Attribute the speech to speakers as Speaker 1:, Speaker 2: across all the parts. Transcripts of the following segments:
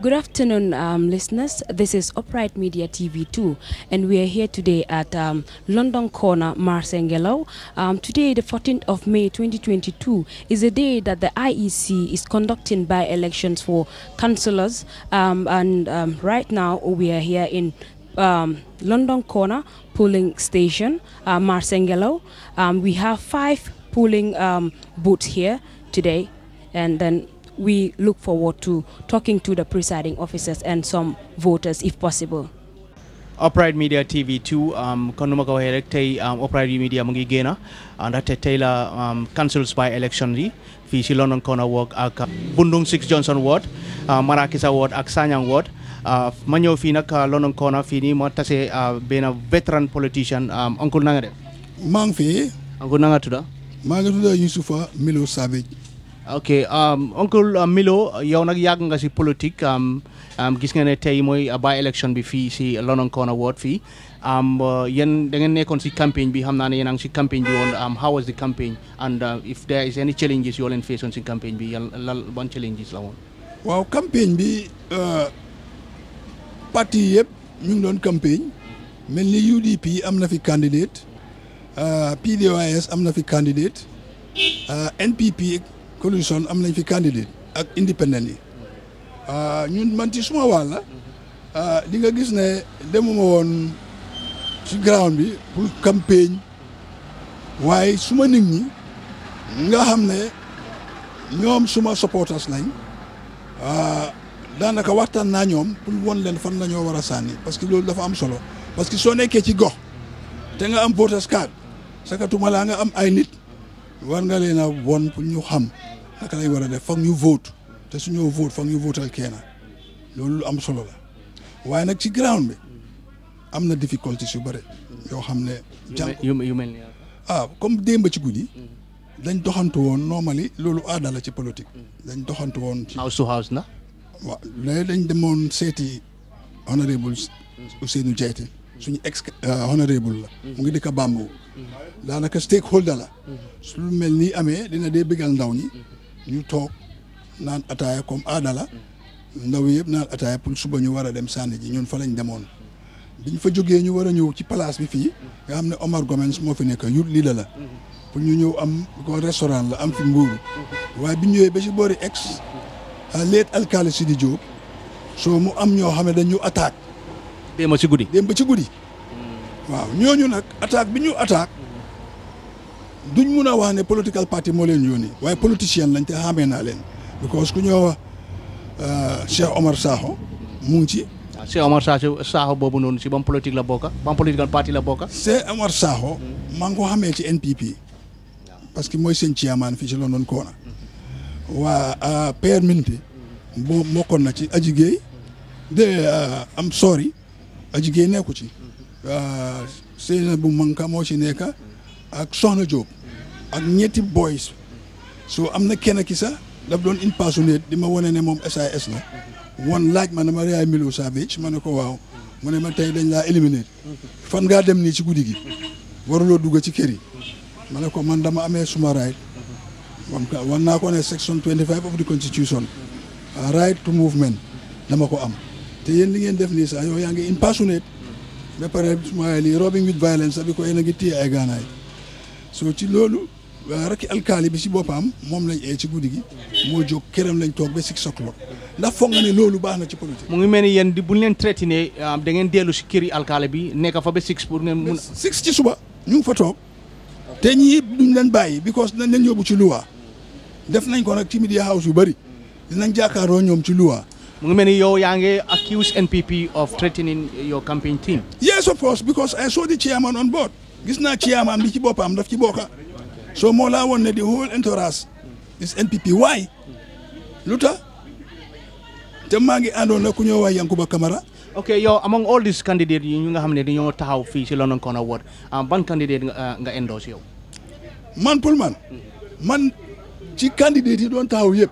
Speaker 1: Good afternoon, um, listeners. This is Upright Media TV 2, and we are here today at um, London Corner, Marsengelo. Um, today, the 14th of May 2022, is a day that the IEC is conducting by elections for councillors. Um, and um, right now, we are here in um, London Corner polling station, uh, Marsengelo. we have five polling booths here today, and then we to talking to the presiding officers and some voters if possible.
Speaker 2: Upright Media TV 2 um, kon nu ma ko waxee rek tey um, Upright Media mu ngi génn ndaxte tey la um, councils by election yi fii si London Corner Walk ak Bundung Six Johnson Ward uh, Marakisa Ward ak Sanyang Ward uh, ma ñëw fii nag uh, London Corner fii nii ma tase benn veteran politician oncle na nga def. maa ngi
Speaker 1: Milo Savage.
Speaker 2: ok oncle um, uh, Milo yow nag yàgg nga si politique um, um, gis nga ne tey mooy uh, ba election bi fii si Lononkona ward fii uh, yéen da ngeen nekkoon si campagne bi xam naa ne yéen a ngi si campagne bi woon how was the campaign and if there is any challenges yoo leen faceoon si campagne bi yan lan ban challenges la woon.
Speaker 1: waaw campagne bi parti yëpp ñu ngi doon campagne mel ni UDP am na fi candidate PDOIS am na fi candidate NPP. coalition am nañ fi candidate ak indépendant yi ah, ñun man ci suma wàll la ah, di nga gis ne demuma woon si ground bi pour campagne waaye suma nit ñi nga xam ne ñoom suma supporters lañ ah, daanaka waxtaan naa ñoom pour won leen fan nañoo war a sànni parce que loolu dafa am solo parce que soo nekkee ci gox te nga am voters card sakatuma laa nga am ay nit war nga leen a won pour ñu xam naka lañ war a def foog ñu vote te su ñëw vote foog ñu votal kenn loolu lu am solo la waaye nag ci ground bi am na difficultés yu bëri yoo xam ne. yu mel ah comme démb ci guddi. dañ doxantu woon normally loolu aada la ci politique. dañ doxantu woon ci.
Speaker 2: house na.
Speaker 1: waaw dañ demoon seeti honorable Ousseynou Diaité suñu ex euh, honorable la. mu ngi dëkk Bambou. daanaka stakeholder la. su mel ni amee dina dee bëggal ndaw ñi. ñu toog naan ataaya comme aada ndaw yëpp naan ataaya pour suba ñu war a dem sànni ji ñun fa lañ demoon biñ fa jogee ñu war a ñëw ci place bi fii nga xam ne Omar Gomez moo fi nekk yut lii la la pour ñu ñëw am ko restaurant la am fi mbuuru waaye bi ñëwee ba si boori ex leet si di Diop soo mu am ñoo xam ne dañu attaque démb ci guddi démb ci guddi waaw ñooñu bi ñu attaque duñ mun a wax ne political party moo leen yónni waaye politicien lañ te xamee naa leen because ku ñoo wax euh, Cheikh Omar Sakho mu ngi ci. waaw
Speaker 2: ah, Cheikh Omar Sakho Sakho boobu noonu si bam politique la bokk ban political la
Speaker 1: bokk. Cheikh Omar Sakho. maa ngi ko xamee ci NPP. parce que mooy seen chairman fii ci London Corner. waa euh, Pierre Minti. boo mokkoon na ci Aji Gueye. de am euh, sori. Aji Gueye nekku ci. Seynabou Manka moo ci nekk ak Soxna Diop. ak ñetti boys so am na kenn ki sax daf doon impersonate di ma wane ne moom SAS la woon laaj ma ne ma Ria Milou Savage ma ne ko waaw mu ne ma tey dañ laa éliminer fan ngaa dem nii ci guddi gi waruloo dugg ci kër yi ma ne ko man dama amee suma right ka wan naa ko ne section 25 of the constitution right to movement dama ko am te yéen di ngeen def nii sax yow yaa ngi impersonate ba pare suma lii robbing with violence sax bi ko yéen a rakki alkaali bi si boppam moom lañ ee ci guddi gi moo jóg këram lañ toog ba six o'clock ndax foog nga ne loolu baax na ci politique.
Speaker 2: mu ngi mel ni yéen di bu ñu leen traité ah, da ngeen dellu si kër yi alkaali bi nekk fa ba six pour ngeen
Speaker 1: mun six ci suba ñu ngi fa toog te ñii duñ leen bàyyi because na leen yóbbu ci luwa def nañ ko nag ci media house yu bëri dinañ jàkkaaroo ñoom ci luwa mu ngi mel ni
Speaker 2: yow yaa ngi accuse NPP of threatening your campaign team.
Speaker 1: yes of course because I saw the chairman on board gis naa chairman bi ci boppam daf ci bokka so Mawla won the whole entourage is NPP why lu tax te maa ngi àndoon na ku ñëw waay Yankuba Kamara
Speaker 2: ok yow among all these candidates yi ñu nga xam ne dañoo taxaw fii si London Corner Ward ah, ban candidate ah, nga endorse yow
Speaker 1: man pour man man ci candidate yi doon taxaw yëpp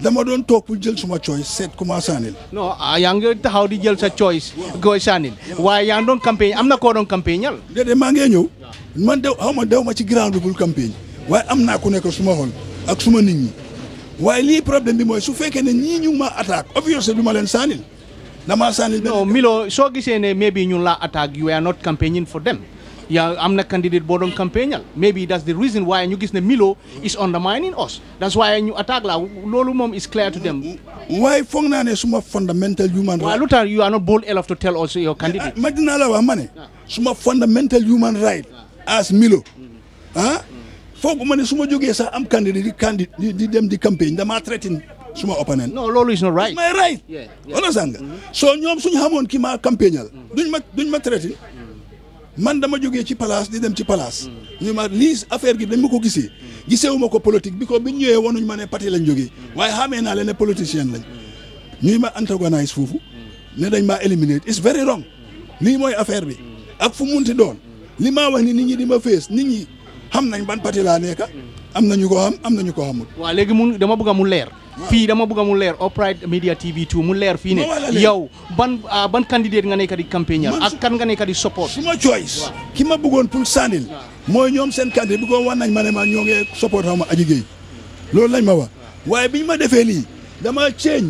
Speaker 1: dama doon toog pour jël suma choice seet ku ma saanil.
Speaker 2: Ah, yaa ngi taxaw di jël sa choice. koy saanil waaye yaa ngi doon campagne am na ko doon
Speaker 1: campagne ñal. déedéet maa ngi ñëw man dew xaw ma dew ma ci grand bi pour waaye am naa ku nekk suma xol ak suma nit ñi waaye lii problème bi mooy su fekkee ne ñii ñu ma attaque obviously du ma leen saanil damaa saanil. non Milo soo
Speaker 2: gisee ne mais bi ñun laa attaque you are not campaigning fo them. yaa am na candidate boo doon campagne al maybe that's the reason why ñu gis na Milo is undermining us that's why ñu attaque la loolu moom
Speaker 1: is clear to them. waaye foog naa ne suma fundamental human right. waaw lu tax you are not bold enough to tell us your candidate. ma dinaa la wax ma ne. suma fundamental human right. as Milo. ah foog ma ne su ma jógee sax am candidate di candidate di dem di campagne damaa threaten suma opponent. non loolu is not right. it's my right. understand nga. so ñoom suñu xamoon ki ma campagnal. duñ ma man dama jógee ci palaas di dem ci palaas. ñu ma lii affaire gi dañ ma ko gisee. gisewuma ko politique bi ko bi ñëwee wonuñ ma ne parti lañ jógee. waaye xamee naa leen ne politicien lañ. ñuy ma antagonise foofu. ne dañ maa éliminer it's very wrong. lii mooy affaire bi. ak fu munti doon. li maa wax ni nit ñi di ma fees nit ñi. xam nañ ban parti laa nekk am nañu ko xam am nañu ko xamul
Speaker 2: waaw léegi mu dama bëgg mu leer fii dama bëgg mu leer Upride Media TV 2 mu leer fii ne yow ban ah, ban candidate nga nekk di campagne ak kan nga nekk di support suma choice
Speaker 1: ki ma bëggoon pour sànnil mooy ñoom seen candidate bi ko wan nañ ma ne ma ñoo ngi support xaw ma aji géey loolu lañ ma wax waaye biñ ma defee lii dama ceeñ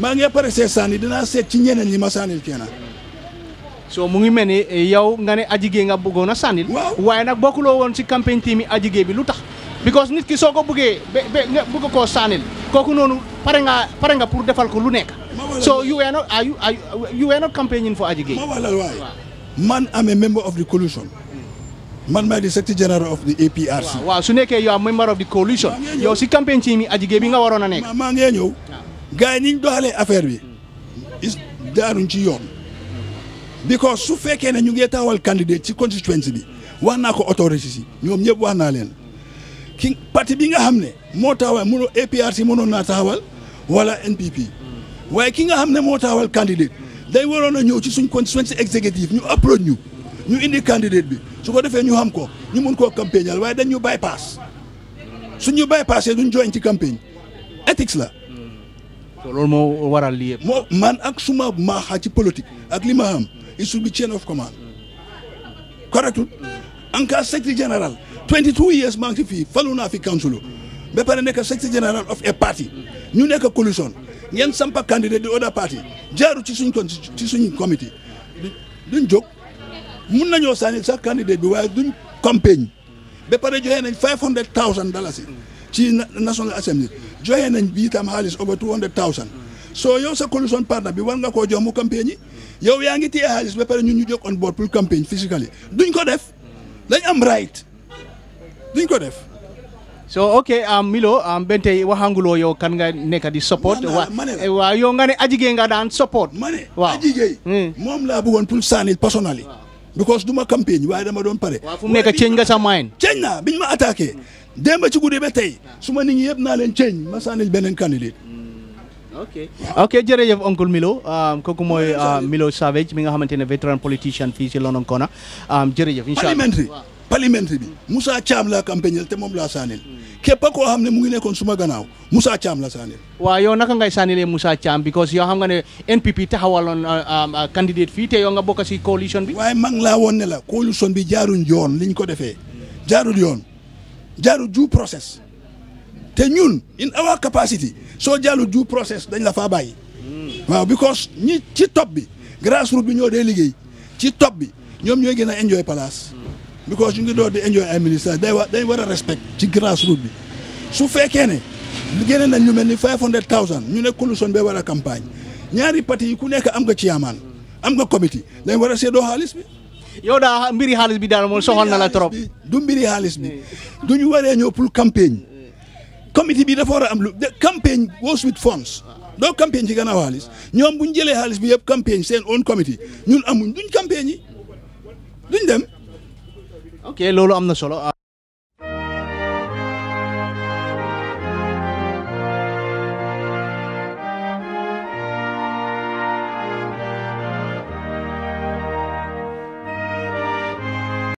Speaker 1: maa ngi pare see sànni dinaa seet ci ñeneen ñi ma sànnil kenn
Speaker 2: so mu ngi mel ni eh, yow nga ne Adji nga bëggoon a sànnil waaye nag bokkuloo woon si campagne team yi bi lu tax because nit ki soo ko buggee ba ba nga bëgg kooku noonu pare nga pare nga pour defal ko lu nekk soo you were not are you are you were not campaigning for Adji
Speaker 1: man ame a member of the coalition man maay di secrétaire général of the APRC. waaw su nekkee yow am member of the coalition. yow si campagne ci mi Adji bi nga waroon a nekk. maa ngee ñëw. gars ni ñu affaire bi. jaaruñ ci yoon. because su fekkee ne ñu ngi taxawal candidate ci constituency bi wax naa ko authorities yi ñoom ñëpp wax naa leen ki parti bi nga xam ne moo taxawal mënoo APRC mënoon naa taxawal wala NPP waaye kii nga xam ne moo taxawal candidate day waroon a ñëw ci suñ constituency executive ñu approach ñu ñu indi candidate bi su ko defee ñu xam ko ñu mun koo campagnal waaye dañ ñu bypass suñ ñu bypassé duñ join ci campagne ethics la. loolu moo waral lii yëpp moo man ak suma maaxaa ci politique ak li it should be chain of command. correct ANCAR secretary general 22 years maa ngi fi falu naa fi council ba pare nekk secretary general of a party ñu nekk coalition ngeen sampa candidate di other party jaaru ci suñ ci suñ comité duñ jóg mun nañoo sànni sax candidate bi waaye duñ campagne ba pare joxe nañ 500000 dalasi ci national assembly joxe nañ bii tam xaalis over 200000. soo yow sa coalition partner bi war nga koo jox mu campagne yi yow yaa ngi téye xaalis ba pare ñun ñu jóg on board pour campagne physically duñ ko def dañ am right duñ ko def. so
Speaker 2: ok Milo ben tey waxanguloo yow kan nga nekk di support. waaw yow nga ne Ajigey
Speaker 1: nga daan support. ma ne Ajigey hmm. moom laa bëggoon pour sànni personnel yi. because du ma campagne waaye dama doon pare. waaw fu mu nekk change nga sa mind. change naa biñ ma attaqué. démb ci guddi ba tey. su ma nit ñi yëpp naa leen change ma sànnil beneen candidate ok ok jërëjëf
Speaker 2: oncle Milo um, kooku mooy um, Milo Savage mi nga xamante ne veteran politician fii si London Corner um, jërëjëf incha allah parlementaire
Speaker 1: parlementaire bi Moussa Thiam laa campagnel te moom la saanil hmm. képp koo xam ne mu ngi nekkoon suma gannaaw Moussa Thiam la saanil
Speaker 2: waaw yow naka ngay saanilee Moussa Thiam because yow xam nga ne NPP taxawaloon uh, uh, candidate fii te yow nga bokk si coalition bi
Speaker 1: waaye mag laa woon ne la coalition bi jaaruñ yoon liñ ko defee jaarul yoon jaarul due process te ñun in our capacity so jallu du process dañ la fa bàyyi waaw because ñi ci top bi grassroot bi ñoo dee liggéey ci top bi ñom ñoy gëna enjoy place because ñu ngi do di enjoy ay ministère day wa day wara respect ci grassroot bi su fekkee ne génne nañ ñu melni 500000 ñu ne coalition be wara campagne ñaari parti ku nekk am nga ci yaman am nga committee dañ wara sédo seedoo bi yow da mbiri xaalis bi daal mo soxal na la trop du mbiri xaalis bi duñu waré ñoo pour campagne comité bi dafa war a am lu campagne goes with funds doo campagne ci gannaaw xaalis ñoom bu ñu jëlee xaalis bi yëpp campagne seen own comité ñun amuñ duñ campagne yi duñ dem. ok loolu am na solo.